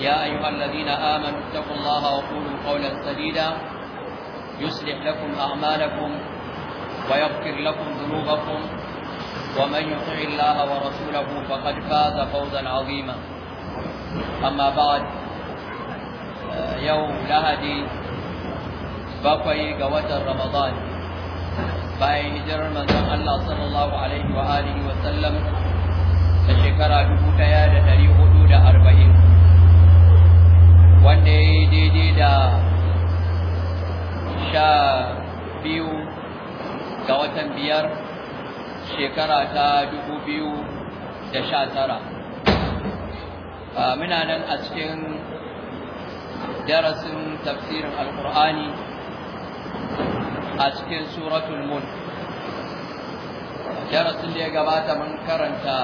يا أيها الذين آمنوا اتقوا الله وقولوا قولا سديدا يصلح لكم أعمالكم ويغفر لكم ذنوبكم ومن يطع الله ورسوله فقد فاز فوزا عظيما أما بعد يوم لهدي bakwai ga watan Ramadan bayan hijirar manzon Allah sallallahu alaihi wa alihi wa sallam da shekara 1440 wanda ya yi daidai da sha biyu ga watan biyar shekara ta dubu biyu da sha tara muna nan a cikin darasin tafsirin alkur'ani a cikin suratul mun. darasin da ya gabata mun karanta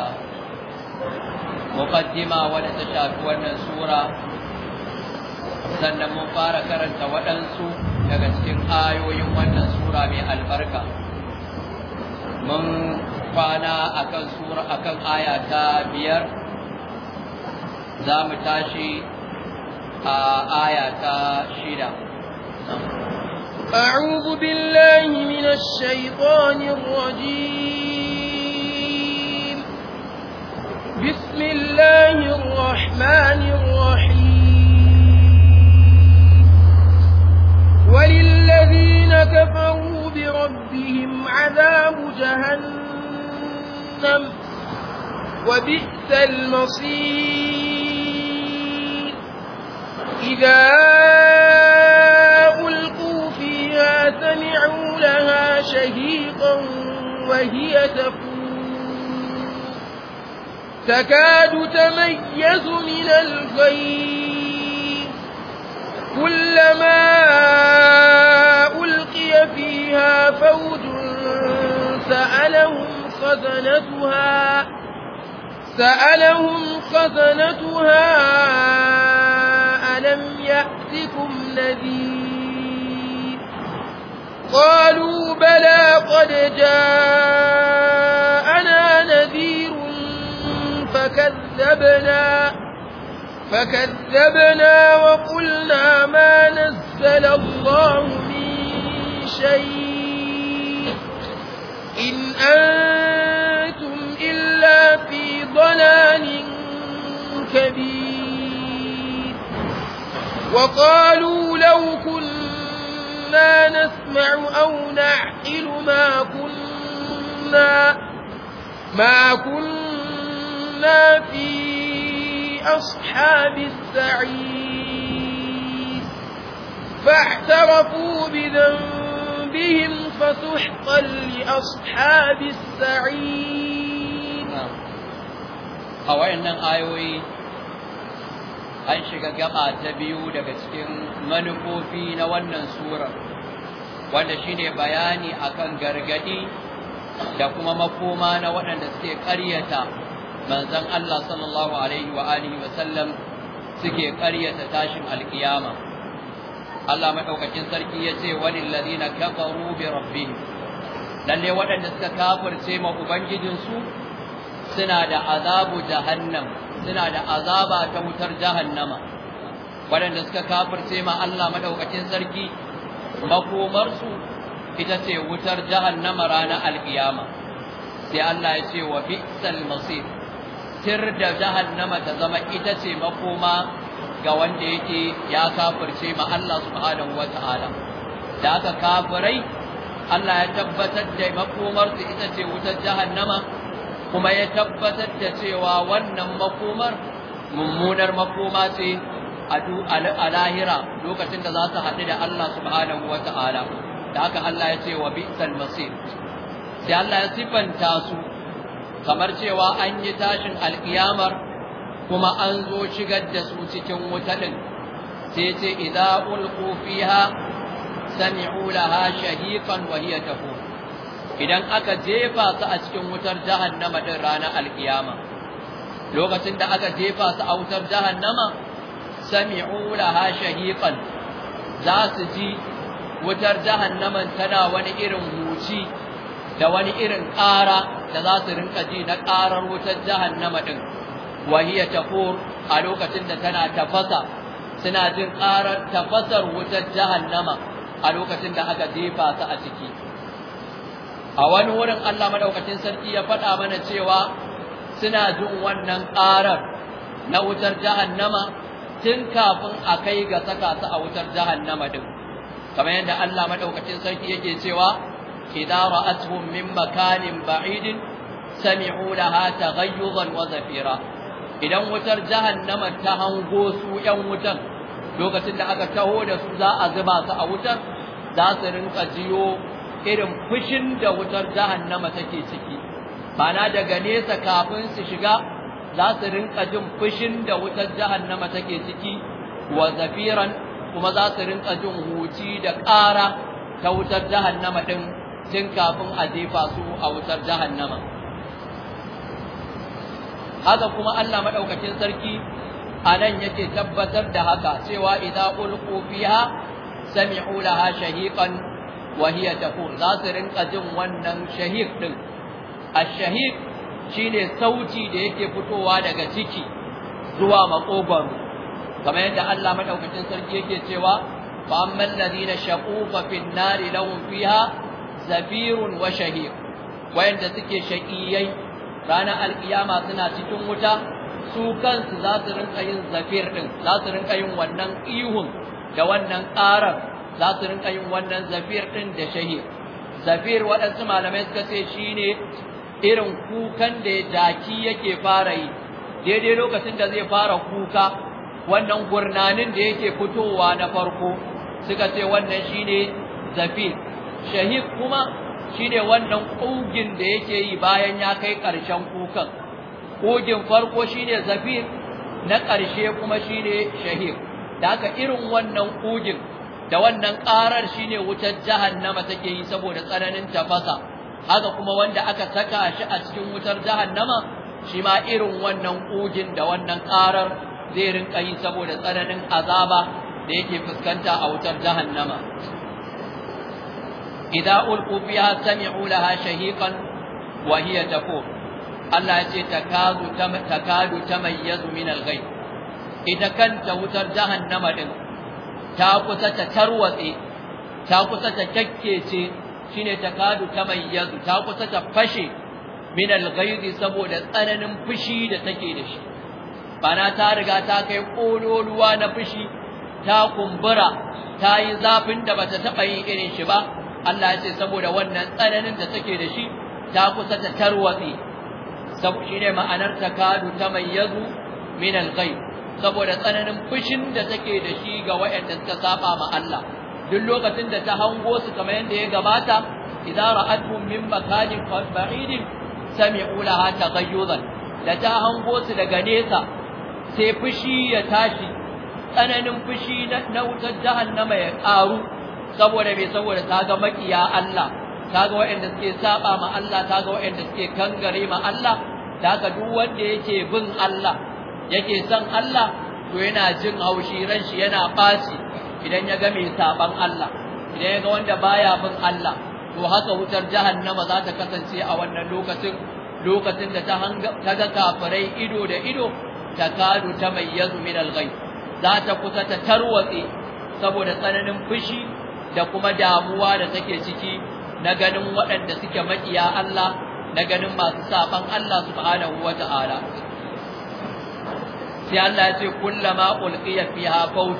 muqaddima wadda ta shafi wannan sura sannan mun fara karanta waɗansu daga cikin ayoyin wannan sura mai albarka mun kwana akan sura akan aya ta biyar za mu tashi a aya ta shida أعوذ بالله من الشيطان الرجيم بسم الله الرحمن الرحيم وللذين كفروا بربهم عذاب جهنم وبئس المصير إذا ألقوا فيها سمعوا لها شهيقا وهي تفور تكاد تميز من الغيظ كلما ألقي فيها فوج سألهم خزنتها سألهم خزنتها ألم يأتكم نذير قالوا بلى قد جاءنا نذير فكذبنا فكذبنا وقلنا ما نزل الله من شيء إن أنتم إلا في ضلال كبير وقالوا لو كنا نسمع أو نعقل ما كنا ما كنا في أصحاب السعير فاعترفوا بذنبهم فسحقا لأصحاب السعير a wayannan ayoyi an shiga gaba ta biyu daga cikin manufofi na wannan sura wanda shine bayani akan gargadi da kuma makoma na waɗanda suke ƙaryata manzon Allah sallallahu alaihi wa alihi wa sallam suke ƙaryata tashin alkiyama Allah madaukakin sarki yace walil ladina kafaru bi rabbihim lalle waɗanda suka kafirce ma ubangijin su suna da azabu jahannam suna da azaba ta wutar jahannama waɗanda suka kafirce ma Allah madaukakin sarki makomarsu ita ce wutar jahannama ranar alkiyama sai Allah ya ce wa bi'sal masir tir da jahannama ta zama ita ce makoma ga wanda yake ya kafirce ma Allah subhanahu wataala da aka kafirai Allah ya tabbatar da makomar su ita ce wutar jahannama kuma ya tabbatar da cewa wannan makomar mummunar makoma ce a lahira lokacin da za su haɗu da Allah subhanahu wataala da ka Allah ya ce wa bi'sal masir sai Allah ya sifanta su kamar cewa an yi tashin al'iyamar kuma an zo shigar da su cikin wutaɗin, din sai ce idza ulqu fiha sami'u laha shahiqan wa idan aka jefa su a cikin wutar jahannama din ranar al'iyama. lokacin da aka jefa su a wutar jahannama sami'u laha shahifan za su ji wutar jahannaman tana wani irin huci da wani irin ƙara da za su rinka ji na ƙarar wutar jahannama ɗin wahiya tafur a lokacin da tana tafasa suna jin ƙarar tafasar wutar jahannama a lokacin da aka jefa su a ciki a wani wurin Allah madaukakin sarki ya faɗa mana cewa suna jin wannan ƙarar na wutar jahannama tun kafin a kai ga saka su a wutar jahannama ɗin kamar yadda Allah madaukakin sarki yake cewa إذا رأتهم من makanin بعيد سمعوا لها تغيظا وزفيرا idan wutar jahannama ta hango su ƴan wutar, lokacin da aka taho da su za a zuba su a wutar za su rinka jiyo irin fushin da wutar jahannama take ciki bana daga nesa kafin su shiga za su rinka jin fushin da wutar jahannama take ciki wazafiran kuma za su rinka jin huci da ƙara ta wutar jahannama ɗin. tun kafin a jefa su a wutar jahannama haka kuma Allah madaukakin sarki a nan yake tabbatar da haka cewa idza ulqu fiha sami'u laha shahiqan wa hiya taqul za su rinka jin wannan shahiq din ash-shahiq shine sauti da yake fitowa daga ciki zuwa makogwaro kamar yadda Allah madaukakin sarki yake cewa fa amman ladina shaqu fa fin nari lahum fiha Zafirun wa shahir wayanda suke shaqiyai ranar alkiyama suna cikin wuta su kansu za su rinka yin zafir din za su rinka yin wannan ihun da wannan ƙarar za su rinka yin wannan zafir din da shahir zafir waɗansu malamai suka ce shine irin kukan da jaki yake fara yi daidai lokacin da zai fara kuka wannan gurnanin da yake fitowa na farko suka ce wannan shine zafir shahid kuma shine wannan kugin da yake yi bayan ya kai ƙarshen kukan kugin farko shine zafir na ƙarshe kuma shine shahid da haka irin wannan kugin da wannan ƙarar shine wutar jahannama take yi saboda tsananin tafasa haka kuma wanda aka saka shi a cikin wutar jahannama shi ma irin wannan kugin da wannan ƙarar zai rinƙa yi saboda tsananin azaba da yake fuskanta a wutar jahannama idza ulqu fiha sami'u laha shahiqan wa hiya tafur Allah ya ce takadu takadu tamayyazu min al-ghayb kanta wutar jahannama din ta kusa ta tarwatse ta kusa ta kakkece shine takadu tamayyazu ta kusa ta fashe min al saboda tsananin fushi da take da shi bana ta riga ta kai kololuwa na fushi ta kumbura ta yi zafin da bata taba yin irin shi ba Allah ya ce saboda wannan tsananin da take da shi ta kusa ta tarwatsi shine ma'anar takadu tamayyazu min al-ghayb saboda tsananin fushin da take da shi ga wayanda suka saba ma Allah duk lokacin da ta hango su kamar yadda ya gabata idza ra'atuhum min makanin ba'idin sami'u laha taghayyuzan da ta hango su daga nesa sai fushi ya tashi tsananin fushi na wutar jahannama ya ƙaru saboda me saboda ta ga makiya Allah ta ga waɗanda suke saba ma Allah ta ga waɗanda suke kangare ma Allah ta ga duk wanda yake bin Allah yake son Allah to yana jin haushi ran shi yana faci idan ya ga mai saban Allah idan ya ga wanda baya bin Allah to haka wutar jahannama za ta kasance a wannan lokacin lokacin da ta ga kafirai ido da ido ta kadu ta mayyazu min alghayb za ta kusa ta tarwatse saboda tsananin fushi da kuma damuwa da take ciki na ganin waɗanda suke maƙiya Allah na ganin masu safan Allah subhanahu wata'ala sai Allah ya ce kullama ulqiya fiha fawd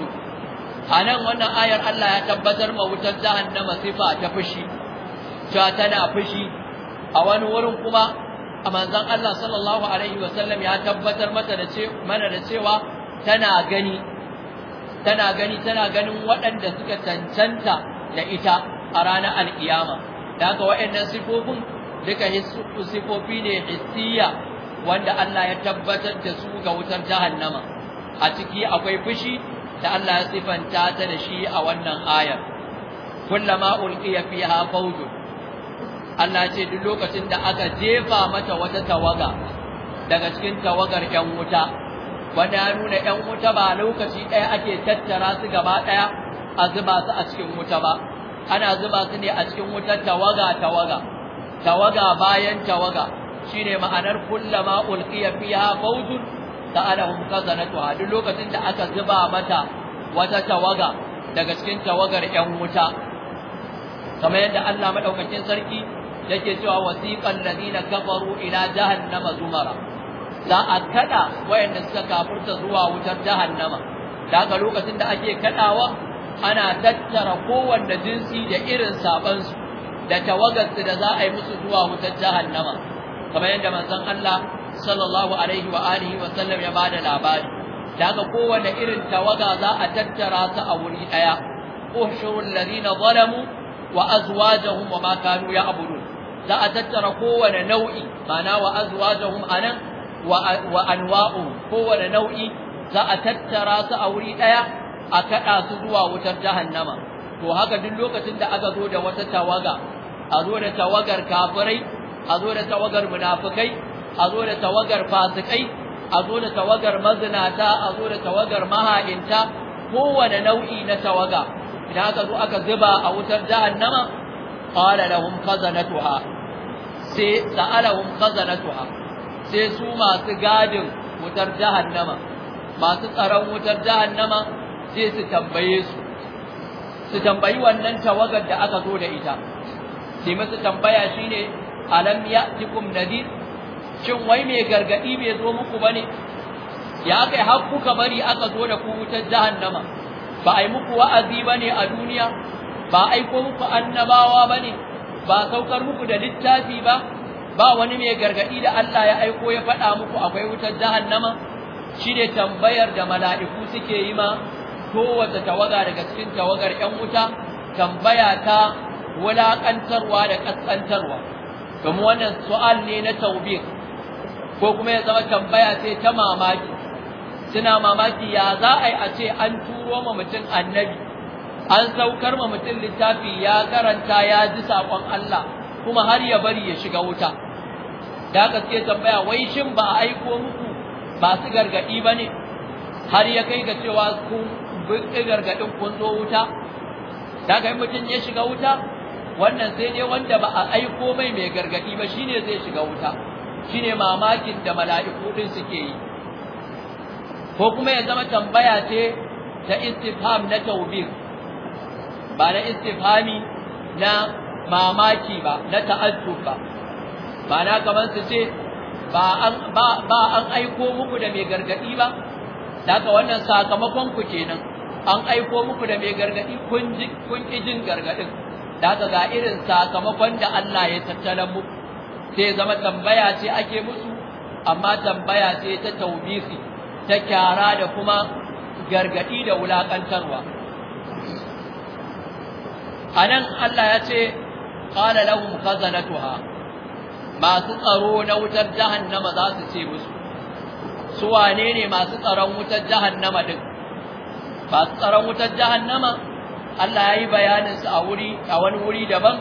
anan wannan ayar Allah ya tabbatar ma wutar jahannama sifa ta fushi ta tana fushi a wani wurin kuma a manzon Allah sallallahu alaihi wasallam ya tabbatar mata da ce mana da cewa tana gani tana gani tana ganin waɗanda suka cancanta da ita a ranar alkiyama da haka waɗannan sifofin duka sifofi ne hissiya wanda Allah ya tabbatar da su ga wutar jahannama a ciki akwai fushi da Allah ya sifanta ta da shi a wannan ayar kullama ulqiya fiha fawjun Allah ce duk lokacin da aka jefa mata wata tawaga daga cikin tawagar 'yan wuta wanda ya nuna ‘yan wuta ba lokaci ɗaya ake tattara su gaba ɗaya a zuba su a cikin wuta ba, ana zuba su ne a cikin wutar tawaga-tawaga, tawaga bayan tawaga shi ne ma'anar kullama fiye fiya fautun da na kazanatuwa duk lokacin da aka zuba mata wata tawaga daga cikin tawagar ‘yan wuta. Kamar yadda Allah maɗaukakin sarki yake cewa wasiƙan lazina kafaru ila jahannama zumara. za a kada wayanda suka kafurta zuwa wutar jahannama Da daga lokacin da ake kadawa ana tattara kowanne jinsi da irin saban su da tawagarsu da za a yi musu zuwa wutar jahannama kamar yadda manzon Allah sallallahu alaihi wa alihi wa sallam ya bada labari Da daga kowanne irin tawaga za a tattara su a wuri daya ushurul ladina zalamu wa azwajuhum wa ma kanu ya'budun za a tattara kowanne nau'i mana wa azwajuhum anan wa anwa'u kowane nau'i za a tattara su a wuri daya a kada su zuwa wutar jahannama to haka duk lokacin da aka zo da wata tawaga a zo da tawagar kafirai a zo da tawagar munafikai a zo da tawagar fasikai a zo da tawagar mazinata a zo da tawagar maha'inta kowane nau'i na tawaga idan aka zo aka zuba a wutar jahannama qala lahum khazanatuha sai sa'alahum khazanatuha sai su masu gadin wutar jahannama masu tsaron wutar jahannama sai su tambaye su su tambayi wannan tawagar da aka zo da ita sai masu tambaya shine alam ya'tikum nadir shin wai mai gargadi bai zo muku bane ya kai har kuka bari aka zo da ku wutar jahannama ba ai muku wa'azi bane a duniya ba aiko muku annabawa bane ba saukar muku da littafi ba ba wani mai gargadi da Allah ya aiko ya faɗa muku akwai wutar jahannama shi ne tambayar da mala'iku suke yi ma kowace tawaga daga cikin tawagar ‘yan wuta tambaya ta wulaƙantarwa da ƙasƙantarwa kuma wannan su'al ne na tawbiq ko kuma ya zama tambaya sai ta mamaki suna mamaki ya za a yi a ce an turo ma mutum annabi an saukar ma mutum littafi ya karanta ya ji saƙon Allah kuma har ya bari ya shiga wuta da aka ce tambaya wai shin ba a aiko muku ba su gargadi ba ne har ya kai ga cewa ku bi gargadin kun zo wuta da ka yi mutum ya shiga wuta wannan sai ne wanda ba a aiko mai mai gargadi ba shine zai shiga wuta shine mamakin da mala'iku din suke yi ko kuma ya zama tambaya ce ta istifham na tawbir ba na istifhami na mamaki ba na ta'azzub ba ba na gaban su ce ba an aiko muku da mai gargadi ba ka wannan sakamakon ku kenan an aiko muku da mai gargadi kun ji kun ki jin gargadin daga ga irin sakamakon da Allah ya tattala mu sai zama tambaya ce ake musu amma tambaya ce ta taubisi ta kyara da kuma gargaɗi da wulakantarwa anan Allah ya ce qala lahum khazanatuha masu tsaro na wutar jahannama za su ce musu su wane ne masu tsaron wutar jahannama din masu tsaron wutar jahannama Allah ya yi bayanin su a wuri a wani wuri daban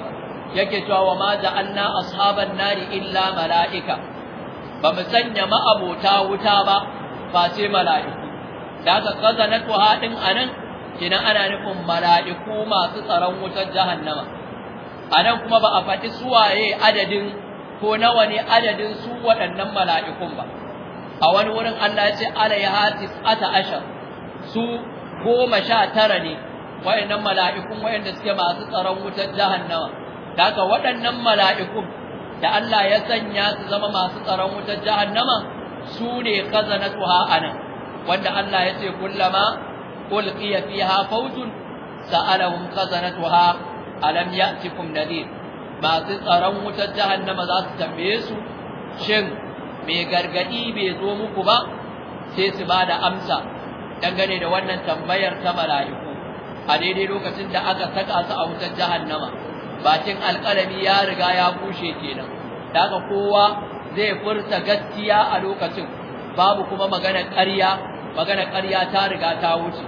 yake cewa wa ma ja'alna ashaban nari illa mala'ika ba mu sanya ma'abota wuta ba face mala'iku da aka khazanatuha din anan kina ana nufin mala'iku masu tsaron wutar jahannama anan kuma ba a faɗi suwaye adadin ko nawa ne adadin su waɗannan mala'ikun ba a wani wurin Allah ya ce alaiha tis'ata ashar su goma sha tara ne waɗannan mala'ikun waɗanda suke masu tsaron wutar jahannama daga waɗannan mala'ikun da Allah ya sanya su zama masu tsaron wutar jahannama su ne a nan, wanda Allah ya ce kullama ulqiya fiha fawjun sa'alahum khazanatuha alam ya'tikum nadhir masu tsaron wutar jahannama za su tambaye su shin mai gargadi bai zo muku ba sai su ba da amsa dangane da wannan tambayar ta mala'iku a daidai lokacin da aka saka su a wutar jahannama bakin alkalami ya riga ya bushe kenan daga kowa zai furta gaskiya a lokacin babu kuma magana ƙarya magana ƙarya ta riga ta wuce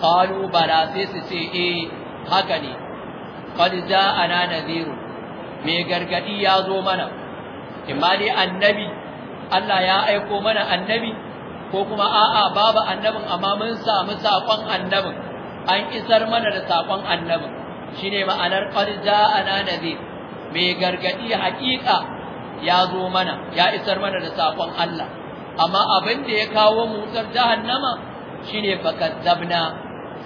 qalu bala sai su ce eh haka ne a ja'ana nadhirun mai gargadi ya zo mana imma annabi Allah ya aiko mana annabi ko kuma a'a babu annabin amma mun samu sakon annabin an isar mana da sakon annabin shine ma'anar qad na nabi mai gargadi haƙiƙa ya zo mana ya isar mana da sakon Allah amma abin da ya kawo mu mutar jahannama shine fakazzabna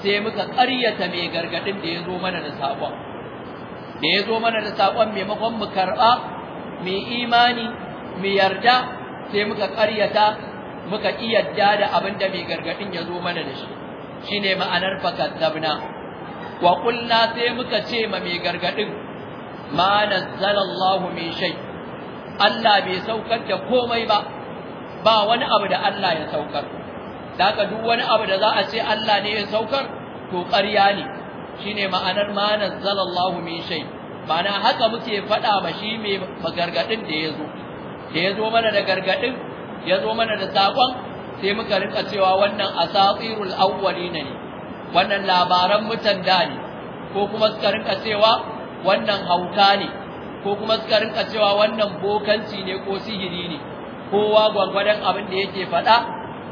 sai muka ƙaryata mai gargadin da ya zo mana da sakon da ya zo mana da sakon maimakon mu karɓa mu imani mu yarda sai muka ƙaryata muka iyadda da abin da mai gargaɗin ya zo mana da shi Shi ne ma'anar zabna wa qulna sai muka ce ma mai gargaɗin ma nazzalallahu min shai Allah bai saukar da komai ba ba wani abu da Allah ya saukar da duk wani abu da za a ce Allah ne ya saukar to ƙarya ne shine ma'anar ma nazzalallahu min shay bana haka muke faɗa ba shi mai gargadin da yazo da yazo mana da gargadin yazo mana da sakon sai muka rinka cewa wannan asatirul awwalina ne wannan labaran mutan da ne ko kuma suka rinka cewa wannan hauka ne ko kuma suka rinka cewa wannan bokanci ne ko sihiri ne kowa gwagwadon abin da yake faɗa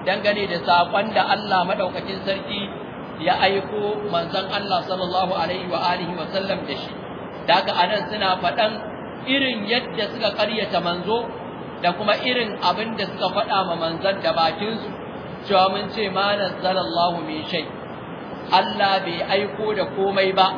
dangane da sakon da Allah Madaukakin sarki ya aiko manzon Allah sallallahu alaihi wa alihi wa sallam da shi daga anan suna faɗan irin yadda suka ƙaryata manzo da kuma irin abin da suka faɗa ma manzon da bakin su cewa mun ce ma nazzalallahu min shay Allah bai aiko da komai ba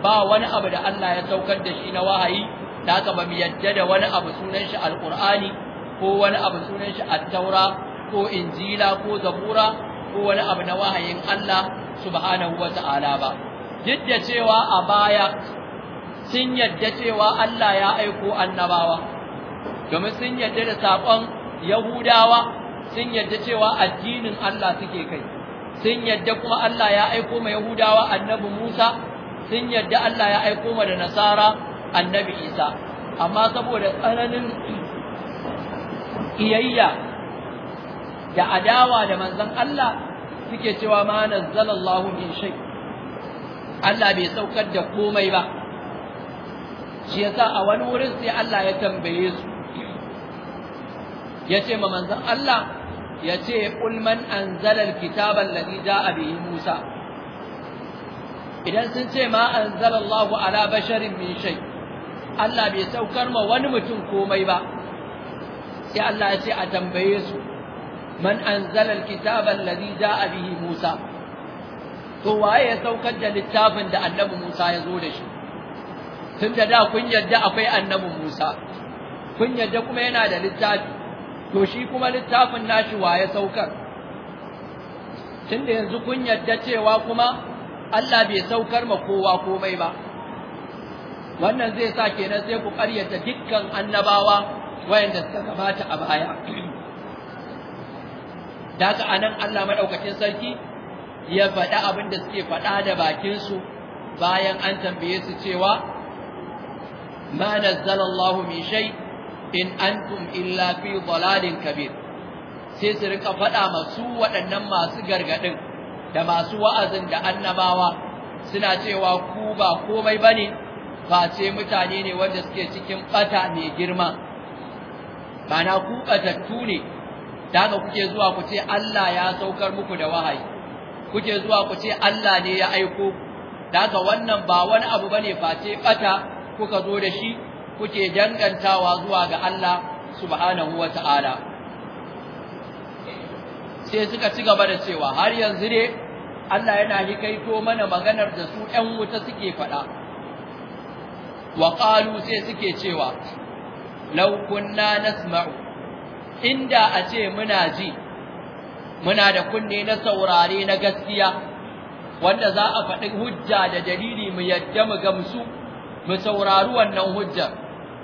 ba wani abu da Allah ya saukar da shi na wahayi da haka ba mu yadda da wani abu sunan shi alqur'ani ko wani abu sunan shi at-taura ko injila ko zabura ko wani abu na wahayin Allah subhanahu wa ta'ala ba duk da cewa a baya sun yadda cewa Allah ya aiko annabawa domin sun yadda da saƙon Yahudawa sun yadda cewa addinin Allah suke kai sun yadda kuma Allah ya aiko ma Yahudawa annabi Musa sun yadda Allah ya aiko ma da Nasara annabi Isa amma saboda tsananin iyayya da adawa da manzon Allah suke cewa ma nazzalallahu min shay Allah bai saukar da komai ba shi yasa a wani wurin sai Allah ya tambaye su yace ma manzon Allah yace qul man anzala alkitaba alladhi jaa bihi Musa idan sun ce ma anzalallahu ala basharin min shay Allah bai saukar ma wani mutum komai ba sai Allah ya ce a tambaye su man anzala alkitaba alladhi jaa bihi Musa to waye ya saukar da littafin da annabi Musa ya zo da shi Tun da da kun yadda akwai annabi Musa kun yadda kuma yana da littafi to shi kuma littafin nashi waye saukar tunda yanzu kun yadda cewa kuma Allah bai saukar ma kowa komai ba wannan zai sa kenan sai ku ƙaryata dukkan annabawa wayanda suka gabata a baya Daka anan Allah madaukakin sarki ya faɗa abin da suke faɗa da bakin su bayan an tambaye su cewa ma nazzalallahu min shay in antum illa fi dhalalin kabir sai su rika faɗa masu waɗannan masu gargadin da masu wa'azin da annabawa suna cewa ku ba komai bane face mutane ne wanda suke cikin bata mai girma bana ku ƙatattu ne daga kuke zuwa ku ce Allah ya saukar muku da wahayi kuke zuwa ku ce Allah ne ya aiko daga wannan ba wani abu bane face bata kuka zo da shi kuke dangantawa zuwa ga Allah subhanahu wata'ala sai suka ci gaba da cewa har yanzu ne Allah yana hikaito mana maganar da su ƴan wuta suke faɗa wa qalu sai suke cewa law kunna nasma'u inda a ce muna ji muna da kunne na saurare na gaskiya wanda za a faɗi hujja da dalili mu yadda mu gamsu mu saurari wannan hujjar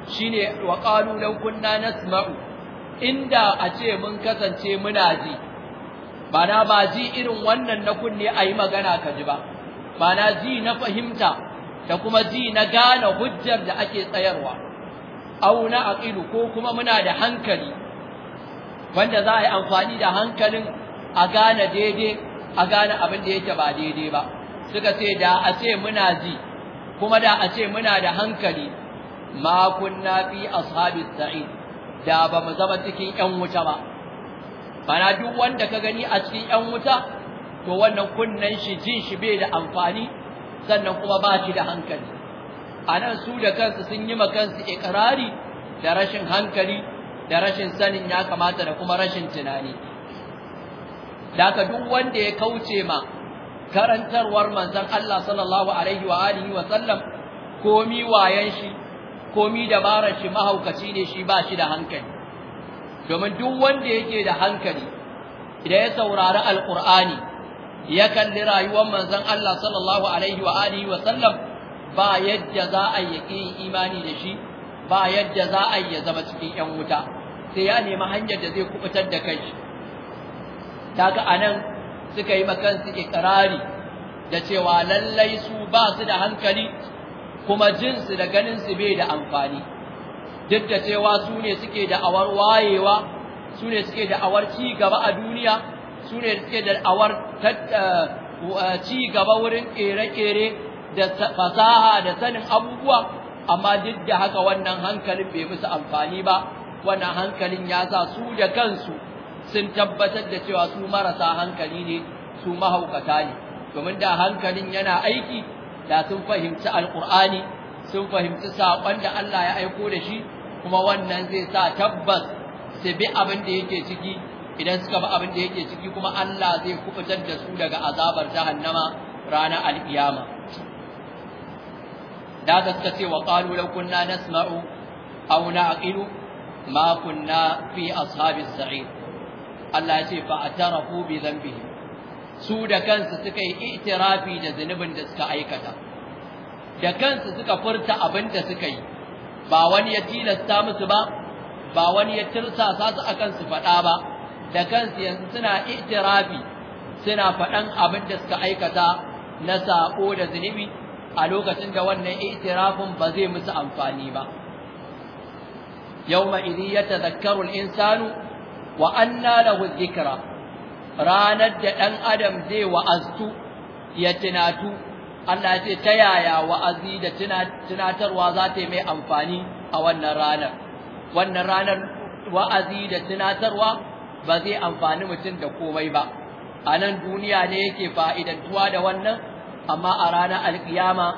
shine wa qalu law kunna nasma'u inda a ce mun kasance muna ji ba na ba ji irin wannan na kunne ayi magana ka ji ba ba na ji na fahimta da kuma ji na gane hujjar da ake tsayarwa auna na aqilu ko kuma muna da hankali wanda za a yi amfani da hankalin a gane daidai a gane abin da yake ba daidai ba suka ce da a ce muna ji kuma da a ce muna da hankali ma kunna fi ashabis sa'id da ba mu zama cikin 'yan wuta ba bana duk wanda ka gani a cikin 'yan wuta to wannan kunnan shi jin shi bai da amfani sannan kuma ba shi da hankali anan su da kansu sun yi ma kansu ikrari da rashin hankali da rashin sanin ya kamata da kuma rashin tunani daga duk wanda ya kauce ma karantarwar manzon Allah sallallahu alaihi wa alihi wa sallam komi wayan shi komi dabarar shi mahaukaci ne shi ba shi da hankali domin duk wanda yake da hankali idan ya saurari alqur'ani ya kalli rayuwar manzon Allah sallallahu alaihi wa alihi wa sallam ba yadda za a yi imani da shi ba yadda za a yi zama cikin ‘yan wuta, sai ya nemi hanyar da zai kubutar da kai. Daga a nan suka yi makansu ikirari da cewa lallai su ba su da hankali kuma jinsu da ganinsu bai da amfani, duk da cewa su ne suke da awar wayewa, su ne suke da awar ci gaba a duniya, su ne suke da awar eh, eh, ci gaba wurin ƙere-ƙere da fasaha da sanin abubuwa. amma duk da haka wannan hankalin bai musu amfani ba wannan hankalin ya sa su da kansu sun tabbatar da cewa su marasa hankali ne su mahaukata ne domin da hankalin yana aiki da sun fahimci alkur'ani sun fahimci saƙon da Allah ya aiko da shi kuma wannan zai sa tabbas su bi abin da yake ciki idan suka bi abin da yake ciki kuma Allah zai kubutar da su daga azabar jahannama ranar alkiyama Na da suka ce wa qalu law kunna nasma'u aw na'qilu ma kunna fi ashabis sa'ir Allah ya ce fa atarafu bi dhanbihi su da kansu suka yi itirafi da zunubin da suka aikata da kansu suka furta abin da suka yi ba wani ya tilasta musu ba ba wani ya tirsasa su akan su faɗa ba da kansu yanzu suna itirafi suna faɗan abin da suka aikata na saƙo da zunubi a lokacin da wannan itirafin ba zai musu amfani ba yawma idhi yatadhakkaru al-insanu wa anna lahu dhikra ranar da dan adam zai wa'aztu ya tunatu Allah ce ta yaya wa'azi da tunatarwa za ta yi mai amfani a wannan ranar wannan ranar wa'azi da tunatarwa ba zai amfani mutum da komai ba a nan duniya ne yake fa'idantuwa da wannan amma a ranar alkiyama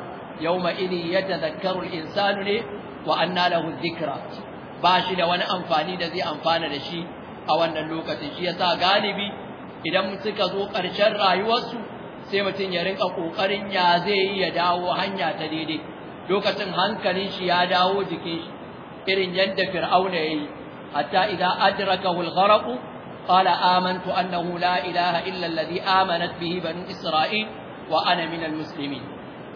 yawma idin yadda al-insanu ne wa anna lahu dhikra ba shi da wani amfani da zai amfana da shi a wannan lokacin shi sa galibi idan suka zo ƙarshen rayuwarsu sai mutum ya rinka ƙoƙarin ya zai yi ya dawo hanya ta daidai lokacin hankalin shi ya dawo jikin shi irin yadda fir'auna ya yi hatta idan adraka al-gharq qala amantu annahu la ilaha illa alladhi amanat bihi banu isra'il wa ana minal muslimin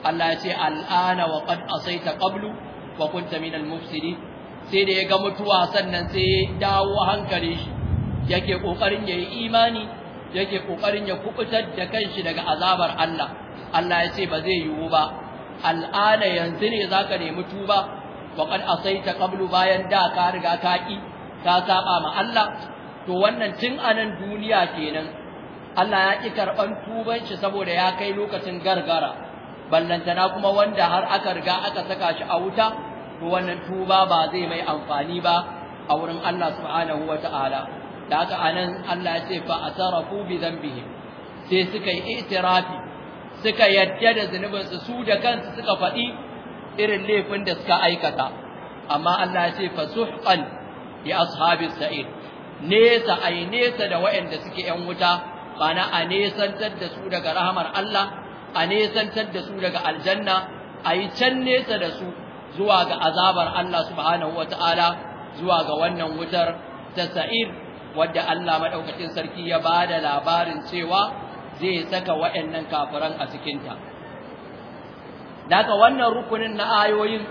Allah ya ce al'ana wa qad asaita qablu wa kunta minal mufsidin sai da ya ga mutuwa sannan sai ya dawo hankali shi yake kokarin ya yi imani yake kokarin ya kubutar da kanshi daga azabar Allah Allah ya ce ba zai yiwu ba al'ana yanzu ne zaka nemi tuba wa qad asaita qablu bayan da ka riga ka ki ka saba ma Allah to wannan tun anan duniya kenan Allah ya ƙi karɓan shi saboda ya kai lokacin gargara ballantana kuma wanda har aka riga aka saka shi a wuta to wannan tuba ba zai mai amfani ba a wurin Allah subhanahu wata'ala da aka anan Allah ya ce fa asarafu bi dhanbihim sai suka yi itirafi suka yadda da zunubin su su da kansu suka faɗi irin laifin da suka aikata amma Allah ya ce fa suhqan ya ashabis sa'id. nesa ai nesa da waɗanda suke yan wuta ma'ana a nesantar da su daga rahamar Allah a nesantar da su daga aljanna a yi can nesa da su zuwa ga azabar Allah subhanahu wata'ala zuwa ga wannan wutar ta sa'ir wadda Allah madaukakin sarki ya ba da labarin cewa zai saka waɗannan kafiran a cikinta daga wannan rukunin na ayoyin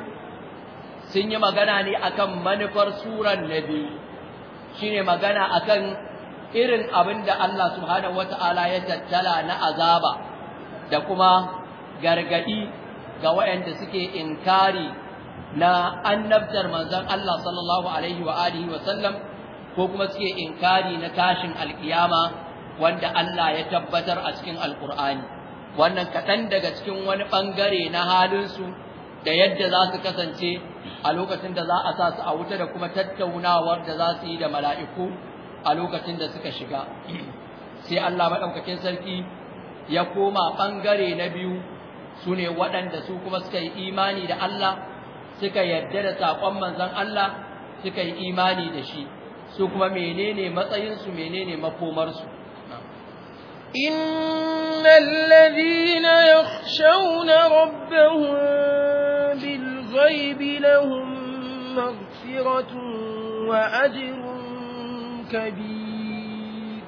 sun yi magana ne akan manufar na shi shine magana akan irin abin da Allah subhanahu wata'ala ya tattala na azaba da kuma gargadi ga waɗanda suke inkari na annabtar manzon Allah sallallahu alaihi wa alihi wa sallam ko kuma suke inkari na tashin alkiyama wanda Allah ya tabbatar a cikin alkur'ani wannan kaɗan daga cikin wani ɓangare na halinsu da yadda za su kasance a lokacin da za a sa su a wuta da kuma tattaunawar da za su yi da mala'iku a lokacin da suka shiga sai Allah maɗaukakin sarki ya koma bangare na biyu sune ne waɗanda su kuma suka yi imani da Allah suka yarda da sakon manzon Allah suka yi imani da shi su kuma menene matsayin su menene makomar makomarsu إن الذين يخشون ربهم بالغيب لهم مغفرة وأجر كبير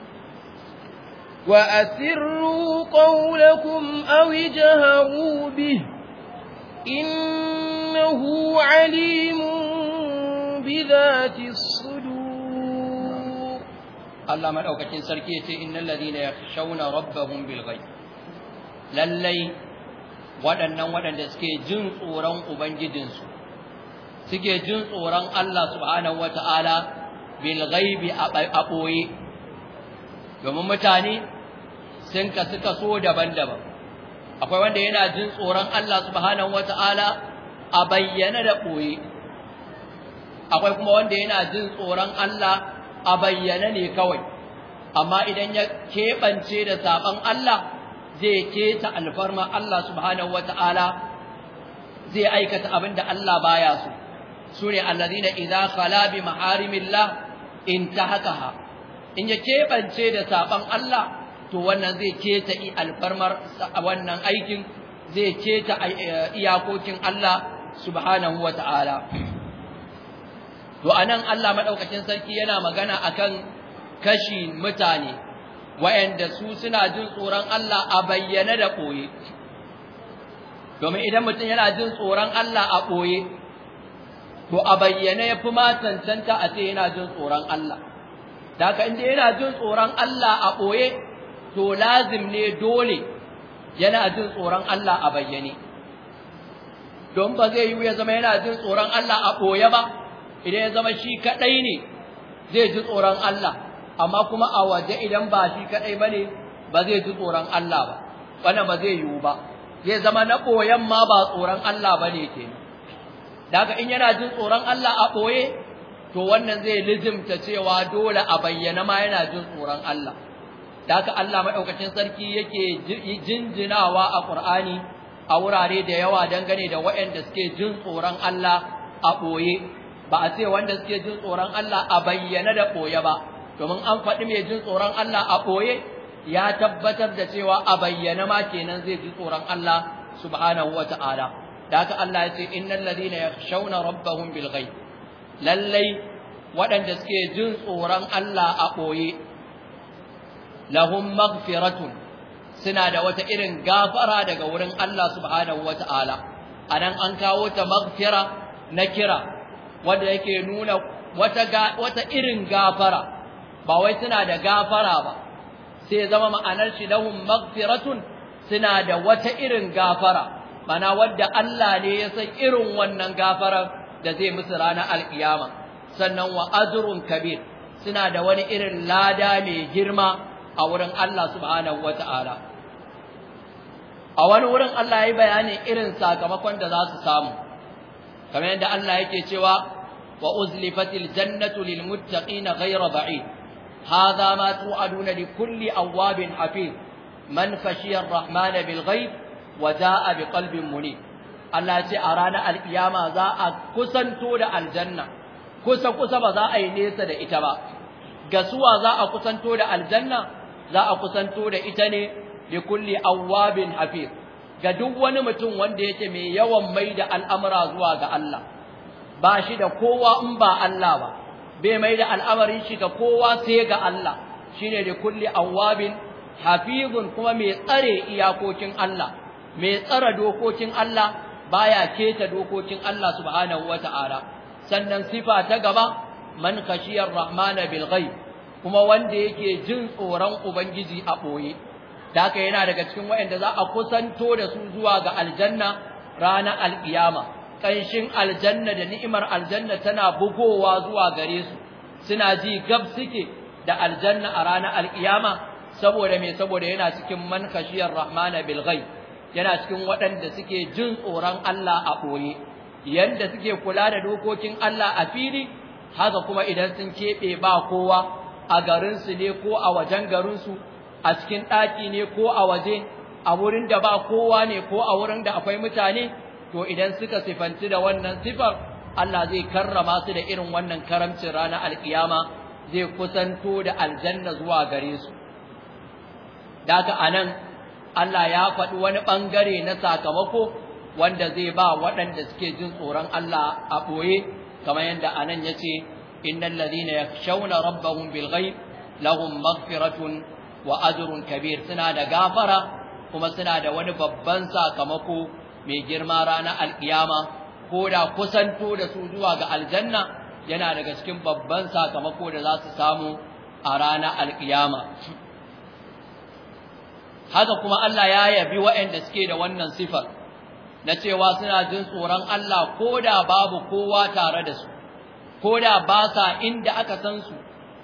وأسروا قولكم أو اجهروا به إنه عليم بذات الصدور الله مدعوكتين سركيتي إن الذين يخشون ربهم بالغيب للي waɗannan waɗanda suke jin tsoron Ubangijinsu, suke jin tsoron Allah subhanahu wa ta'ala bil gaibi a ɓoye domin mutane sun kasu kaso daban-daban akwai wanda yana jin tsoron Allah subhanahu wata'ala a bayyana da ɓoye akwai kuma wanda yana jin tsoron Allah a bayyana ne kawai amma idan ya keɓance da saɓan Allah zai keta alfarma Allah subhanahu wata'ala zai aikata abin da Allah baya so su ne allazina idza khala bi maharimillah in ta haka ha, in ya keɓance da saɓan Allah to wannan zai ce keta alfarmar wannan aikin zai ce ta eh, iyakokin Allah subhanahu wa ta'ala to anan Allah maɗaukacin sarki yana magana akan kashi mutane wayanda su suna jin tsoron Allah a bayyane da ɓoye domin idan mutum yana jin tsoron Allah a ɓoye to a bayyane ya fi ma cancanta a ce yana jin tsoron Allah da inda yana jin tsoron Allah a ɓoye to lazim ne dole yana jin tsoron Allah a bayyane don ba zai yi ya zama yana jin tsoron Allah a ɓoye ba idan ya zama shi kaɗai ne zai ji tsoron Allah amma kuma a waje idan ba shi kaɗai ba ne ba zai ji tsoron Allah ba wannan ba zai yiwu ba zai zama na ɓoyen ma ba tsoron Allah ba ne ke daga in yana jin tsoron Allah a ɓoye, to wannan zai lizimta cewa dole a bayyana ma yana jin tsoron Allah daga Allah maɗaukacin sarki yake jinjinawa a Qur'ani a wurare da yawa gane da waɗanda suke jin tsoron Allah a boye ba a ce wanda suke jin tsoron Allah a bayyana da ɓoye ba, domin an faɗi mai jin tsoron Allah a ɓoye ya tabbatar da cewa a bayyana ma kenan zai ji tsoron Allah subhanahu wa da haka Allah ya ce innal ladina yakhshawna rabbahum bil ghaib lallai waɗanda suke jin tsoron Allah a ɓoye lahum maghfiratun suna da wata irin gafara daga wurin Allah subhanahu wata'ala anan an kawo ta maghfira na kira wanda yake nuna wata wata irin gafara ba wai suna da gafara ba sai zama ma'anar shi lahum maghfiratun suna da wata irin gafara mana wadda Allah ne ya san irin wannan gafaran da zai musu ranar alkiyama sannan wa azrun kabir suna da wani irin lada mai girma a wurin Allah subhanahu wata'ala a wani wurin Allah ya bayanin irin sakamakon da za su samu kamar yadda Allah yake cewa وأزلفت الجنة للمتقين غير بعيد هذا ما توعدون لكل أواب حفيظ من خشي الرحمن بالغيب wa jaa bi qalbin munib Allah ya ce a ranar alkiyama za a kusanto da aljanna kusa kusa ba za a yi nesa da ita ba gasuwa za a kusanto da aljanna za a kusanto da ita ne bi kulli awwabin hafiz ga duk wani mutum wanda yake mai yawan mai da al'amura zuwa ga Allah ba shi da kowa in ba Allah ba bai mai da al'amarin shi ga kowa sai ga Allah shine da kulli awwabin hafizun kuma mai tsare iyakokin Allah mai tsara dokokin Allah baya keta dokokin Allah subhanahu wata'ala sannan sifa ta gaba man khashiyar rahmana bil ghaib kuma wanda yake jin tsoron ubangiji a boye da haka yana daga cikin wayanda za a kusanto da su zuwa ga aljanna ranar alkiyama kanshin aljanna da ni'imar aljanna tana bugowa zuwa gare su suna ji gab suke da aljanna a ranar alkiyama saboda me saboda yana cikin man khashiyar rahmana bil ghaib yana cikin waɗanda suke jin tsoron Allah a ɓoye yadda suke kula da dokokin Allah a fili haka kuma idan sun keɓe ba kowa a garinsu ne ko a wajen garinsu a cikin ɗaki ne ko a waje a wurin da ba kowa ne ko a wurin da akwai mutane to idan suka sifanci da wannan sifar Allah zai karrama su da irin wannan karamcin ranar alkiyama zai kusanto da aljanna zuwa gare su a nan. Allah ya faɗi wani ɓangare na sakamako wanda zai ba waɗanda suke jin tsoron Allah a ɓoye kamar yadda anan ya ce innal ladhina ya shauna bil bilgai, lahum maghfiratun wa azurun kabir suna da gafara kuma suna da wani babban sakamako mai girma ranar al'iyama, ko da kusanto da su zuwa ga aljanna yana daga cikin babban sakamako da za su samu a ranar al'iyama. haka kuma Allah ya yabi waɗanda suke da wannan sifar na cewa suna jin tsoron Allah koda babu kowa tare da su koda ba sa inda aka san su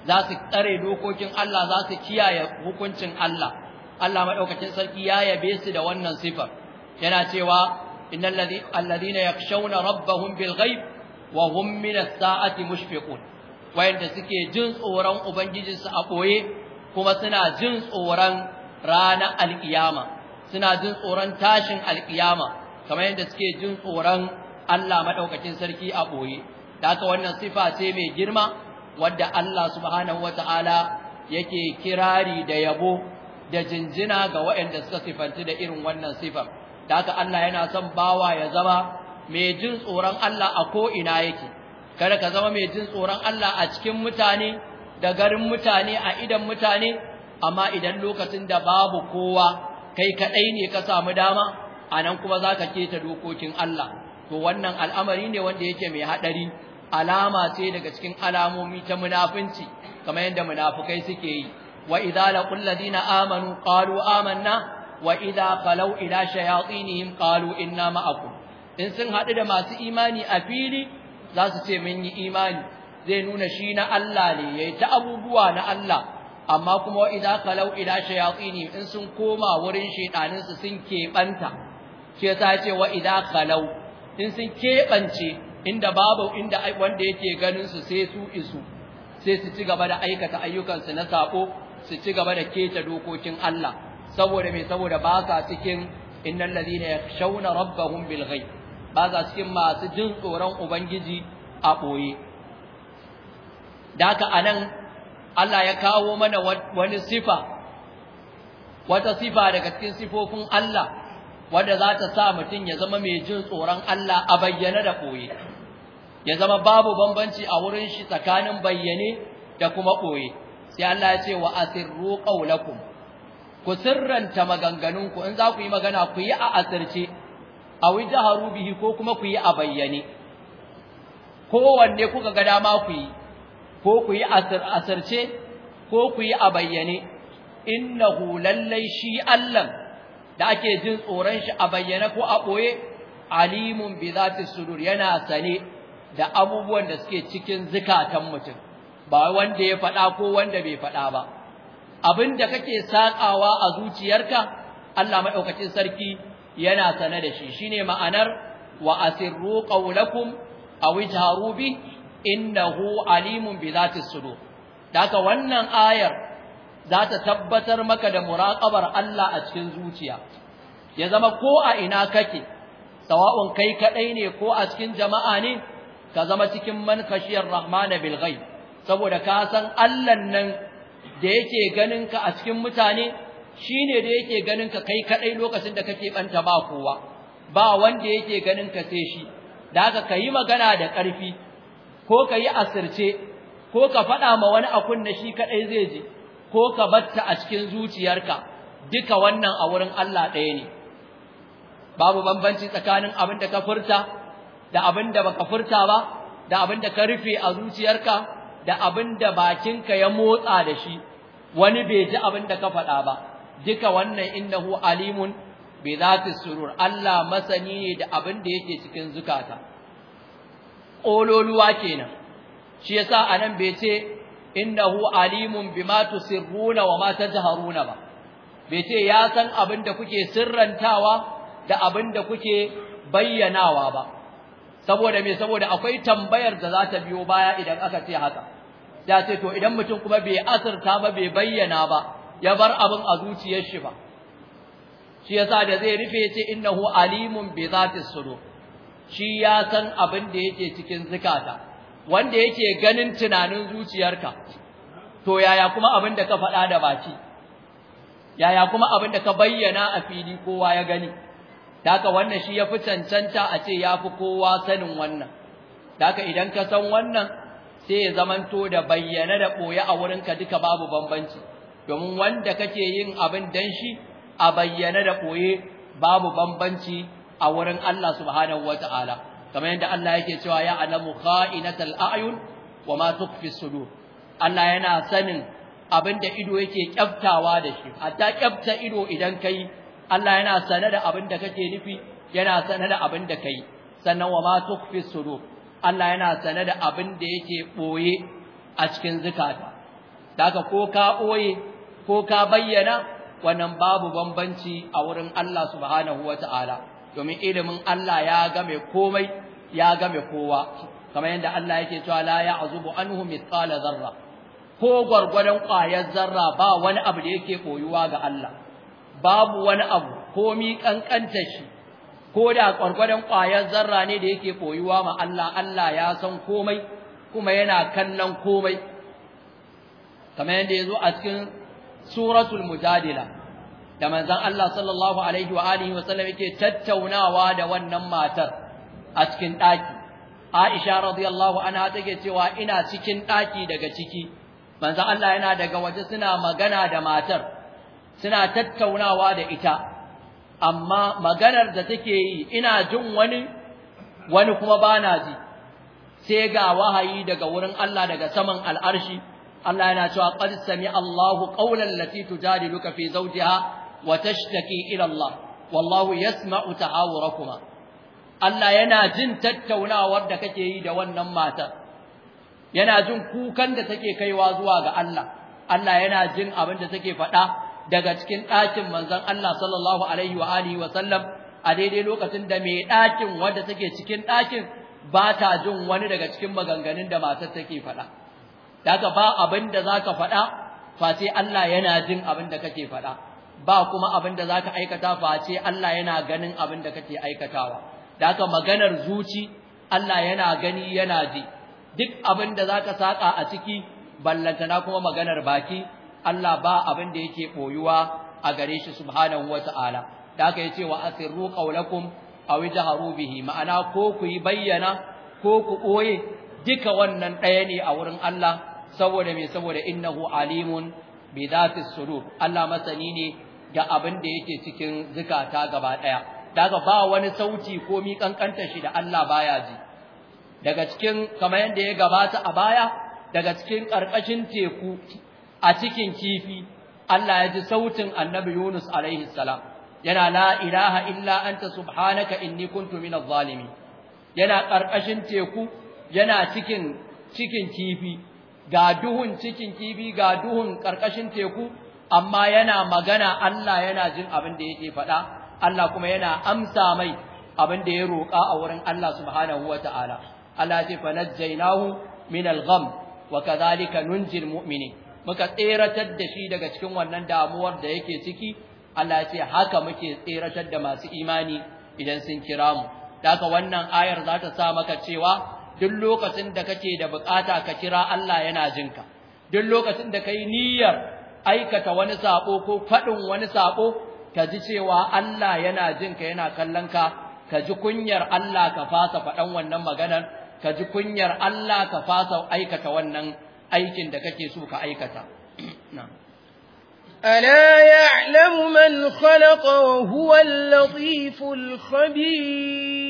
za su tsare dokokin Allah za su kiyaye hukuncin Allah Allah madaukakin sarki ya yabe su da wannan sifar yana cewa innal ladina yakhshawna rabbahum bil ghaib wa hum min as-sa'ati mushfiqun wayanda suke jin tsoron ubangijinsu a boye kuma suna jin tsoron ranar alƙiyama suna jin tsoron tashin alƙiyama kamar yadda suke jin tsoron Allah maɗaukacin sarki a ɓoye da aka wannan sifa ce mai girma wadda Allah subhanahu wa Ta'ala yake kirari da yabo da jinjina ga waɗanda suka sifanci da irin wannan sifar da aka Allah yana son bawa ya zama mai jin tsoron Allah a ko'ina yake kada ka zama mai jin tsoron Allah a cikin mutane da garin mutane a idan mutane amma idan lokacin da babu kowa kai kadai ne ka samu dama anan kuma zaka keta dokokin Allah to wannan al'amari ne wanda yake mai hadari alama ce daga cikin alamomi ta munafinci kamar yadda munafukai suke yi wa idza laqul ladina amanu qalu amanna wa idza qalu ila shayatinihim qalu inna ma'akum in sun hadu da masu imani a fili za su ce mun yi imani zai nuna shi na Allah ne yayi ta abubuwa na Allah amma kuma wa idza kalau ila shayatini in sun koma wurin shaytanin su sun kebanta ke ta ce wa idza kalau in sun kebance inda babu inda wanda yake ganin su sai su isu sai su ci gaba da aikata ayyukan su na sako su ci gaba da keta dokokin Allah saboda me saboda ba sa cikin innal ladina yakhshawna rabbahum bil ghaib ba sa cikin masu jin tsoron ubangiji a boye daka anan Allah ya kawo mana wani sifa wata sifa daga cikin sifofin Allah wanda za ta sa mutum ya zama mai jin tsoron Allah a bayyane da koyi ya zama babu bambanci a wurin shi tsakanin bayyane da kuma koyi sai Allah ya ce wa asirru qaulakum ku sirranta maganganunku in za ku yi magana ku yi a asirce a wajaharu bihi ko kuma ku yi a bayyane kowanne kuka ga dama ku yi ko ku yi asarce ko ku yi a bayyane innahu hulallai shi Allah da ake jin tsoron shi a bayyane ko a ɓoye alimun bi zati sudur yana sane da abubuwan da suke cikin zikatan mutum ba wanda ya faɗa ko wanda bai faɗa ba abin da kake sakawa a zuciyarka Allah maɗaukacin sarki yana sane da shi shine ma'anar wa asirru qawlakum aw wajen bi innahu alimun bi zati sudur daga wannan ayar za ta tabbatar maka da muraqabar Allah a cikin zuciya ya zama ko a ina kake sawa'un kai kadai ne ko a cikin jama'a ne ka zama cikin man kashiyar rahmana bil ghaib saboda ka san Allah nan da yake ganin ka a cikin mutane shine da yake ganin ka kai kadai lokacin da kake banta ba kowa ba wanda yake ganin ka sai shi da haka yi magana da ƙarfi ko ka yi asirce ko ka faɗa ma wani a kunne shi kaɗai zai ji ko ka batta a cikin zuciyarka duka wannan a wurin Allah ɗaya ne babu bambanci tsakanin abin da ka furta da abin da baka furta ba da abin da ka rufe a zuciyarka da abin da bakinka ya motsa da shi wani bai ji abin da ka faɗa ba duka wannan innahu alimun bi zati surur Allah masani ne da abin da yake cikin zukata ƙololuwa kenan shi yasa anan bai ce innahu alimun bima tusirruna wa ma tajharuna ba bai ce ya san abin da kuke sirrantawa da abin da kuke bayyanawa ba saboda me saboda akwai tambayar da za ta biyo baya idan aka ce haka ya ce to idan mutum kuma bai asirta ba bai bayyana ba ya bar abin a zuciyar shi ba shi yasa da zai rufe ce innahu alimun bi zati sudur shi ya san abin da yake cikin zukata, wanda yake ganin tunanin zuciyarka to yaya kuma abin da ka faɗa da baki yaya kuma abin da ka bayyana a fili kowa ya gani daga wannan shi yafi cancanta a ce ya fi kowa sanin wannan daga idan ka san wannan sai ya zamanto da bayyana da boye a wurinka duka babu bambanci domin wanda kake yin abin dan shi a bayyana da boye babu bambanci a wurin Allah subhanahu wataala kamar yadda Allah yake cewa ya alamu kha'inatal a'yun wa ma tukhfi sudur Allah yana sanin abin ido yake kyaftawa da shi hatta kyafta ido idan kai Allah yana sane da abin kake nufi yana sane da abin da kai sannan wa ma tukfi sudur Allah yana sane da abin yake boye a cikin zukata daga ko ka boye ko ka bayyana wannan babu bambanci a wurin Allah subhanahu wataala domin ilimin Allah ya game komai ya game kowa kamar yadda Allah yake cewa la ya'zubu anhu misala dharra ko gwargwadon ƙwayar zarra ba wani abu da yake koyuwa ga Allah babu wani abu mi kankanta shi ko da gwargwadon ƙwayar zarra ne da yake koyuwa ma Allah Allah ya san komai kuma yana kallon komai kamar yadda yazo a cikin suratul mujadila da manzan Allah sallallahu alaihi wa alihi wa sallam yake tattaunawa da wannan matar a cikin daki Aisha radiyallahu anha take cewa ina cikin daki daga ciki Manzan Allah yana daga waje suna magana da matar suna tattaunawa da ita amma maganar da take yi ina jin wani wani kuma bana ji sai ga wahayi daga wurin Allah daga saman al'arshi Allah yana cewa qad sami Allahu qawlan lati tujadiluka fi zawjiha وتشتكي إلى الله والله يسمع kuma. Allah yana jin tattaunawar da kake yi da wannan matar yana jin kukan da take kaiwa zuwa ga Allah Allah yana jin abin da take faɗa daga cikin ɗakin manzon Allah sallallahu alaihi a daidai lokacin da mai ɗakin wanda take cikin ɗakin ba ta jin wani daga cikin maganganun da matar take faɗa daga ba abin da ka faɗa sai Allah yana jin abin da kake faɗa ba kuma abin da zaka aikata face Allah yana ganin abin da kake aikatawa da haka maganar zuci Allah yana gani yana ji duk abin da zaka saka a ciki na kuma maganar baki Allah ba abin da yake boyuwa a gare shi subhanahu wata'ala da haka yace wa asirru qawlakum aw jaharu bihi ma'ana ko ku yi bayyana ko ku ɓoye duka wannan ɗaya ne a wurin Allah saboda me saboda innahu alimun bi dhati sudur Allah masani ne da abin da yake cikin zukata gaba ɗaya daga ba wani sauti ko mi shi da Allah baya ji daga cikin kamar yadda ya gabata a baya daga cikin ƙarƙashin teku a cikin kifi Allah ya ji sautin Annabi Yunus alaihi salam yana la ilaha illa anta subhanaka inni kuntu minaz zalimi. yana ƙarƙashin teku yana cikin cikin kifi ga duhun cikin kifi ga duhun ƙarƙashin teku amma yana magana Allah yana jin abin da yake faɗa Allah kuma yana amsa mai abin da ya roƙa a wurin Allah subhanahu Ta'ala. Allah ce fa najjaynahu min al-gham wa kadhalika nunjil mu'minin muka tseratar da shi daga cikin wannan damuwar da yake ciki Allah ce haka muke tseratar da masu imani idan sun kira mu daga wannan ayar za ta sa maka cewa duk lokacin da kake da bukata ka kira Allah yana jinka duk lokacin da kai niyyar aikata wani sabo ko faɗin wani sabo ka ji cewa Allah yana jin ka yana kallon ka ka ji kunyar Allah ka fasa faɗan wannan maganar ka ji kunyar Allah ka fasa aikata wannan aikin da kake so ka aikata ألا يعلم من خلق وهو اللطيف الخبير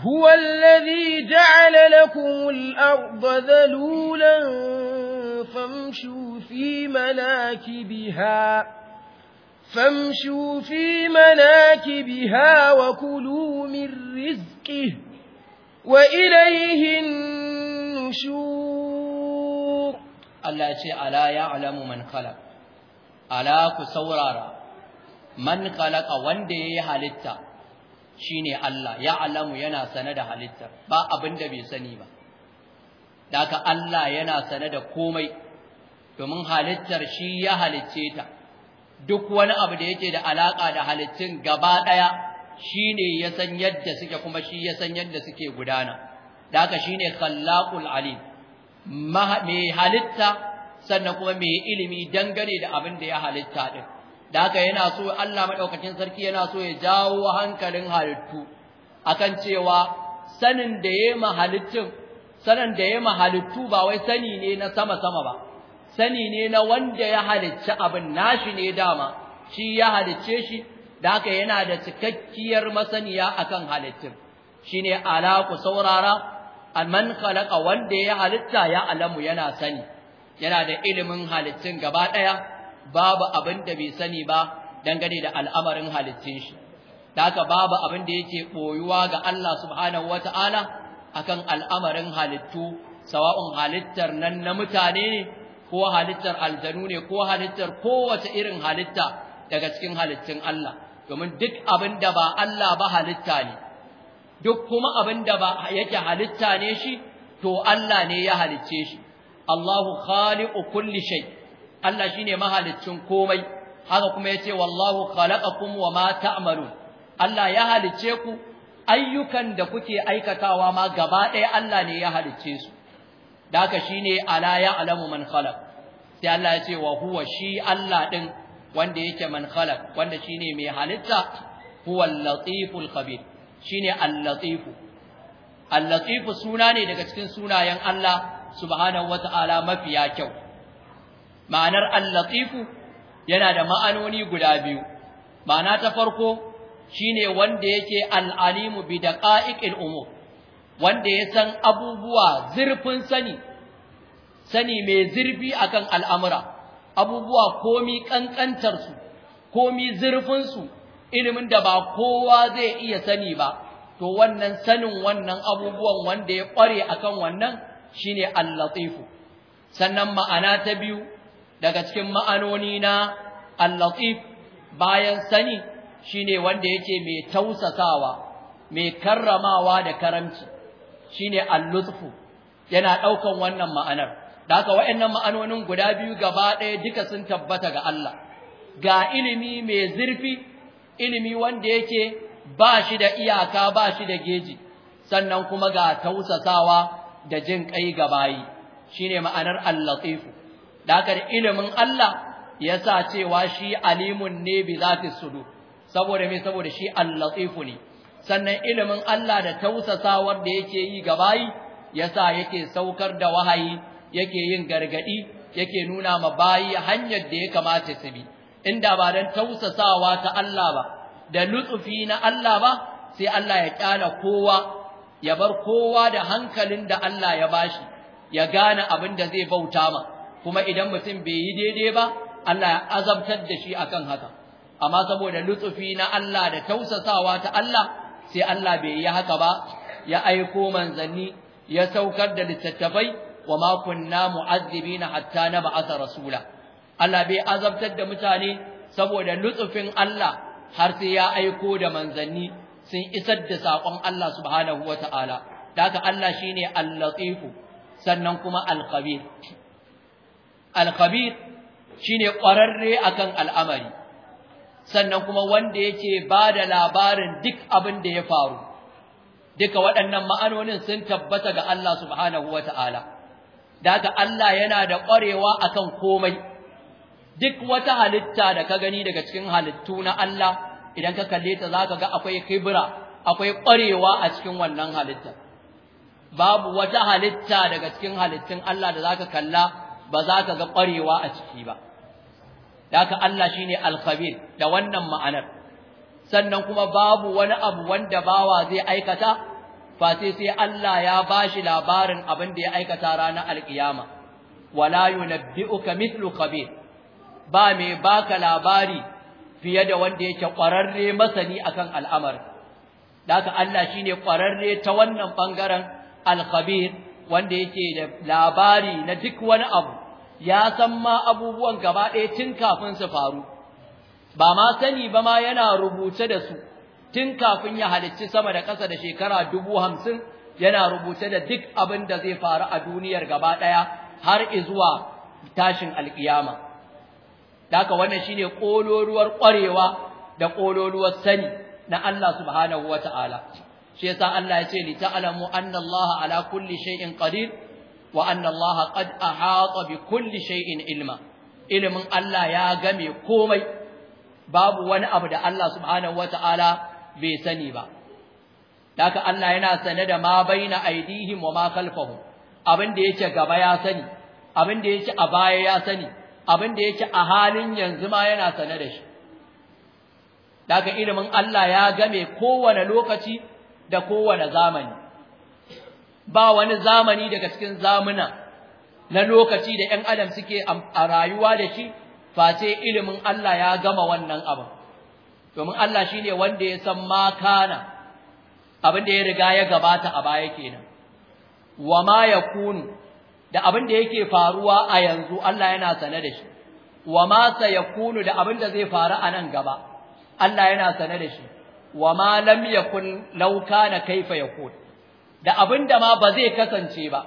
هو الذي جعل لكم الأرض ذلولا فامشوا في مناكبها فامشوا في مناكبها وكلوا من رزقه وإليه النشور الله يقول ألا يعلم من خلق ألا كسورارا من خلق وندي هلتا shine Allah ya alamu yana sane da halitta ba abin da bai sani ba da Allah yana sane da komai domin halittar shi ya halicce ta duk wani abu da yake da alaka da halittun gaba daya shine ya san yadda suke kuma shi ya san yadda suke gudana da shine khallaqul alim mai halitta sannan kuma mai ilimi dangane da abin da ya halitta din da haka yana so Allah madaukakin sarki yana so ya jawo hankalin halittu akan cewa sanin da yayi mahalittun sanin da yayi mahalittu ba wai sani ne na sama sama ba sani ne na wanda ya halicci abin nashi ne dama shi ya halicce shi da haka yana da cikakkiyar masaniya akan halittun shine ala ku saurara man khalaqa wanda ya halitta ya alamu yana sani yana da ilimin halittun gaba daya babu abin da bai sani ba dangane da al'amarin halittun shi haka babu abin da yake boyuwa ga Allah subhanahu wata'ala akan al'amarin halittu sawa'un halittar nan na mutane ne ko halittar aljanu ne ko halittar kowace irin halitta daga cikin halittun Allah domin duk abin da ba Allah ba halitta ne duk kuma abin da ba yake halitta ne shi to Allah ne ya halicce shi Allahu khaliqu kulli shay Allah shine mahaliccin komai haka kuma yace wallahu khalaqakum wa ma ta'malun Allah ya halicce ku ayyukan da kuke aikatawa ma gaba ɗaya Allah ne ya halicce su da haka shine ala ya alamu man khalaq sai Allah ya ce wa huwa shi Allah din wanda yake man khalaq wanda shine mai halitta huwa al-latiful khabir shine al-latifu al suna ne daga cikin sunayen Allah subhanahu wata'ala mafiya kyau ma'anar al-latifu yana da ma'anoni guda biyu ma'ana ta farko shine wanda yake al-alimu bi daqa'iqil umur wanda ya san abubuwa zurfin sani sani mai zurfi akan al'amura abubuwa komi kankantar su komi zurfin su ilimin da ba kowa zai iya sani ba to wannan sanin wannan abubuwan wanda ya kware akan wannan shine al-latifu sannan ma'ana ta biyu daga cikin ma'anoni na al-latif bayan sani shine wanda yake mai tausasawa mai karramawa da karamci shine al-lutfu yana daukan wannan ma'anar da haka waɗannan ma'anonin guda biyu gaba ɗaya duka sun tabbata ga Allah ga ilimi mai zurfi ilimi wanda yake ba shi da iyaka ba shi da geji sannan kuma ga tausasawa da jin kai gabayi, bayi shine ma'anar al-latifu dakar ilimin Allah ya sa cewa shi alimun ne bi zati sudu saboda me saboda shi al-latifu ne sannan ilimin Allah da tausasawar da yake yi ga bayi ya sa yake saukar da wahayi yake yin gargadi yake nuna ma bayi hanyar da ya kamata su bi inda ba dan tausasawa ta Allah ba da lutsufi na Allah ba sai Allah ya kyala kowa ya bar kowa da hankalin da Allah ya bashi ya gane abin da zai bauta ma kuma idan mutum bai yi daidai ba Allah ya azabtar da shi akan haka amma saboda lutsufi na Allah da tausasawa ta Allah sai Allah bai yi haka ba ya aiko manzanni ya saukar da littattafai wa ma kunna mu'azzibina hatta nab'atha rasula Allah bai azabtar da mutane saboda lutsufin Allah har sai ya aiko da manzanni sun isar da saƙon Allah subhanahu wataala daga Allah shine al-latif sannan kuma al-khabir al-khabir shine ƙwararre akan al'amari sannan kuma wanda yake ba da labarin duk abin da ya faru duka waɗannan ma'anonin sun tabbata ga Allah subhanahu wata'ala daga Allah yana da ƙwarewa akan komai duk wata halitta da ka gani daga cikin halittu na Allah idan ka kalle ta zaka ga akwai kibra akwai ƙwarewa a cikin wannan halitta babu wata halitta daga cikin halittun Allah da zaka kalla ba za ka ga ƙwarewa a ciki ba haka Allah shine ne khabir da wannan ma'anar sannan kuma babu wani abu wanda bawa zai aikata fa sai sai Allah ya bashi labarin abin da ya aikata ranar alkiyama wala yunabbi'uka mithlu khabir ba mai baka labari fiye da wanda yake ƙwararre masani akan al'amar haka Allah shine ƙwararre ta wannan ɓangaren alkhabir wanda yake da labari na duk wani abu ya san ma abubuwan gaba ɗaya tun kafin su faru ba ma sani ba ma yana rubuce da su tun kafin ya halicci sama da ƙasa da shekara dubu hamsin yana rubuce da duk abin da zai faru a duniyar gaba ɗaya har izuwa tashin alƙiyama daka wannan shine ƙololuwar ƙwarewa da ƙololuwar sani na Allah subhanahu Ta'ala? shi yasa Allah ya ce li ta'lamu anna Allah ala kulli shay'in qadir wa anna Allah qad ahata bi kulli shay'in ilma ilimin Allah ya game komai babu wani abu da Allah subhanahu wata'ala bai sani ba daka Allah yana sane da ma baina aidihim wa ma khalfahum abin da yake gaba ya sani abin da yake a baya ya sani abin da yake a halin yanzu ma yana sane da shi daga ilimin Allah ya game kowane lokaci da kowane zamani ba wani zamani daga cikin zamuna na lokaci da ‘yan adam suke a rayuwa da shi face ilimin Allah ya gama wannan abu. domin Allah shi ne wanda ya san makana abin da ya riga ya gabata a baya kenan wa ma ya kunu da abin da yake faruwa a yanzu Allah yana sane da shi wa ma sa ya kunu da abin da zai faru a nan gaba Allah yana sane da shi wa ma lam yakun law kana kaifa yakun da abinda ma ba zai kasance ba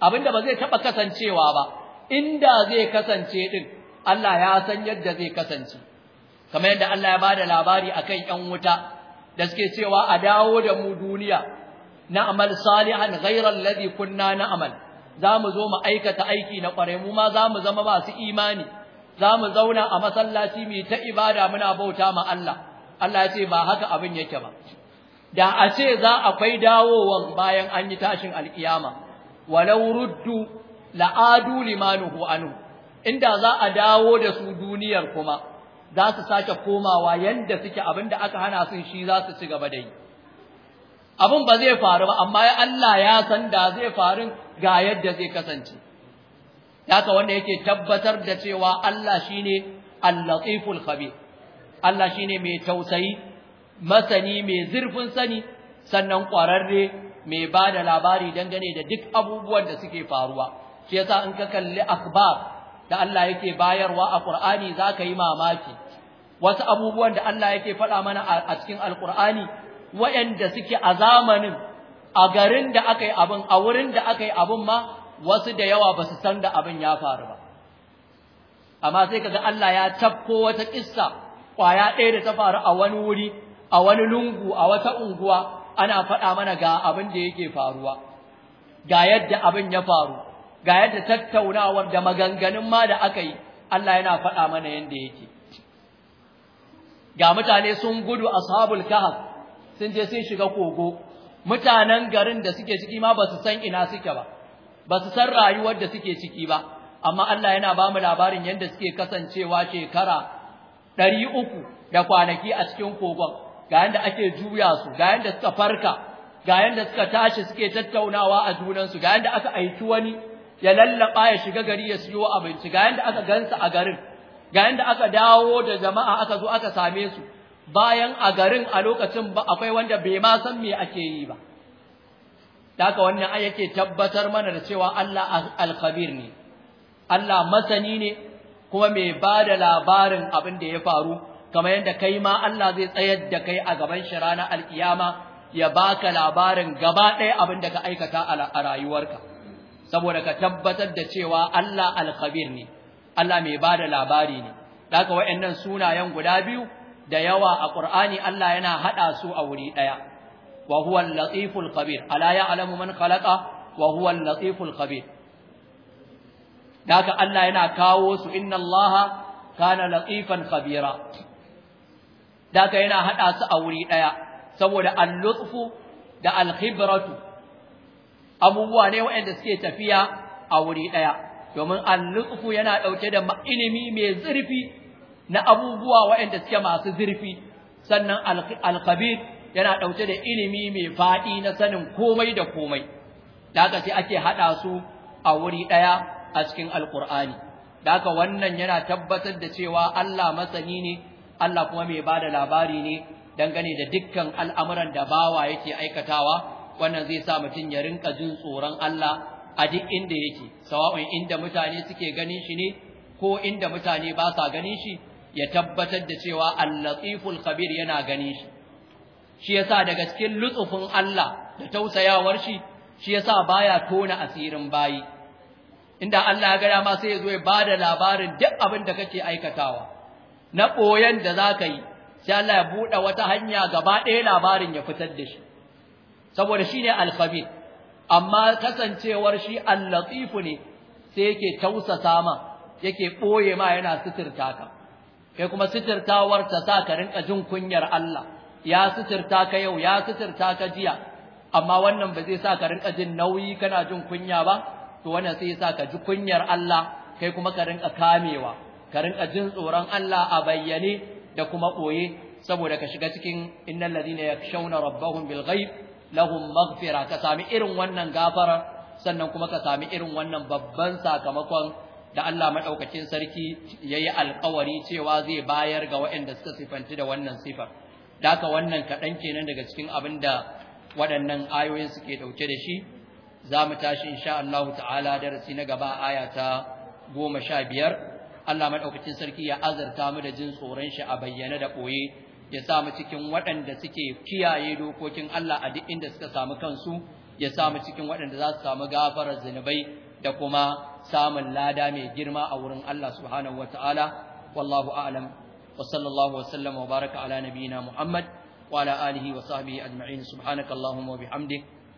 abinda ba zai taba kasancewa ba inda zai kasance din Allah ya san yadda zai kasance kamar yadda Allah ya bada labari akan ƴan wuta da suke cewa a dawo da mu duniya na'mal salihan ghayra alladhi kunna na'mal zamu zo mu aikata aiki na kware mu ma za mu zama masu imani zamu zauna a masallaci mu ta ibada muna bauta ma Allah Allah ya ce ba haka abin yake ba da a ce za akwai dawowan bayan an yi tashin alkiyama walau ruddu la'adu limanuhu anu inda za a dawo da su duniyar kuma za su sake komawa yanda suke abinda aka hana su shi za su ci gaba da yi abin ba zai faru ba amma Allah ya san da zai faru ga yadda zai kasance haka wanda yake tabbatar da cewa Allah shine al-latiful khabir Allah shine mai tausayi masani mai zurfin sani sannan ƙwararre mai ba da labari dangane da duk abubuwan da suke faruwa shi yasa in ka kalli akhbar da Allah yake bayarwa a Qur'ani zaka yi mamaki wasu abubuwan da Allah yake faɗa mana a cikin Alƙur'ani waɗanda suke a zamanin a garin da aka yi abin a wurin da aka yi abin ma wasu da yawa ba su san da abin ya faru ba amma sai kaga Allah ya tafko wata kissa kwaya ɗaya da ta faru a wani wuri a wani lungu a wata unguwa ana faɗa mana ga abin da yake faruwa ga yadda abin ya faru ga yadda tattaunawar da maganganun ma da aka yi Allah yana faɗa mana yadda yake ga mutane sun gudu ashabul kahf sun je sun shiga kogo mutanen garin da suke ciki ma ba su san ina suke ba ba su san rayuwar da suke ciki ba amma Allah yana ba mu labarin yadda suke kasancewa shekara ɗari uku da kwanaki a cikin kogon ga yadda ake juya su ga yadda suka farka ga yadda suka tashi suke tattaunawa a junansu ga yadda aka aiki wani ya lallaba ya shiga gari ya siyo abinci ga yadda aka gansa a garin ga yadda aka dawo da jama'a aka zo aka same su bayan a garin a lokacin ba akwai wanda bai ma san me ake yi ba Daka wannan ai yake tabbatar mana da cewa Allah al-khabir ne Allah masani ne kuma mai ba da labarin abin da ya faru kamar yadda kai ma Allah zai tsayar da kai a gaban shi ranar alkiyama ya baka labarin gaba ɗaya abin da ka aikata a rayuwarka saboda ka tabbatar da cewa Allah alkhabir ne Allah mai ba da labari ne ɗaka wayannan sunayen guda biyu da yawa a ƙur'ani Allah yana haɗa su a wuri ɗaya wa huwa latiful khabir ala ya'lamu man khalaqa wa huwa latiful khabir da Allah yana kawo su inna Allah kana latifan khabira da yana hada su a wuri daya saboda al-lutfu da al-khibratu abubuwa ne waɗanda suke tafiya a wuri daya domin al-lutfu yana dauke da ilimi mai zurfi na abubuwa waɗanda suke masu zurfi sannan al-khabir yana dauke da ilimi mai fadi na sanin komai da komai da sai ake hada su a wuri daya a cikin alkur'ani da wannan yana tabbatar da cewa Allah masani ne Allah kuma mai ba da labari ne dangane da dukkan al'amuran da bawa yake aikatawa wannan zai sa mutum ya rinka jin tsoron Allah a duk inda yake sawa'un inda mutane suke ganin shi ne ko inda mutane ba sa ganin shi ya tabbatar da cewa al-latiful khabir yana gani shi shi yasa daga cikin lutsufin Allah da tausayawar shi shi yasa baya tona asirin bayi inda Allah ya ga dama sai ya zo ya bada labarin duk abin da kake aikatawa na koyan da zaka yi sai Allah ya buɗe wata hanya gaba ɗaya labarin ya fitar da shi saboda shine al-khabir amma kasancewar shi al-latif ne sai yake tausasa ma yake boye ma yana suturta ka kai kuma suturtawar ta sa ka rinka jin kunyar Allah ya suturta ka yau ya suturta ka jiya amma wannan ba zai sa ka rinka jin nauyi kana jin kunya ba to wannan sai yasa ka ji kunyar Allah kai kuma ka rinka kamewa ka rinka jin tsoron Allah a bayyane da kuma koye saboda ka shiga cikin innal ladina yakshawna rabbahum bil ghaib lahum maghfira ka sami irin wannan gafara sannan kuma ka sami irin wannan babban sakamakon da Allah madaukakin sarki yayi alƙawari cewa zai bayar ga waɗanda suka sifanci da wannan sifar daka wannan kaɗan kenan daga cikin abin da waɗannan ayoyin suke ɗauke da shi za mu tashi insha Allah ta'ala darasi na gaba aya ta goma sha biyar Allah maɗaukacin sarki ya azarta mu da jin tsoron shi a bayyane da ɓoye ya sa mu cikin waɗanda suke kiyaye dokokin Allah a duk inda suka samu kansu ya sa mu cikin waɗanda za su samu gafarar zunubai da kuma samun lada mai girma a wurin Allah subhanahu wata'ala wallahu a'lam wa sallallahu wa sallama wa baraka ala nabiyyina Muhammad wa ala alihi wa sahbihi ajma'in subhanakallahumma wa bihamdika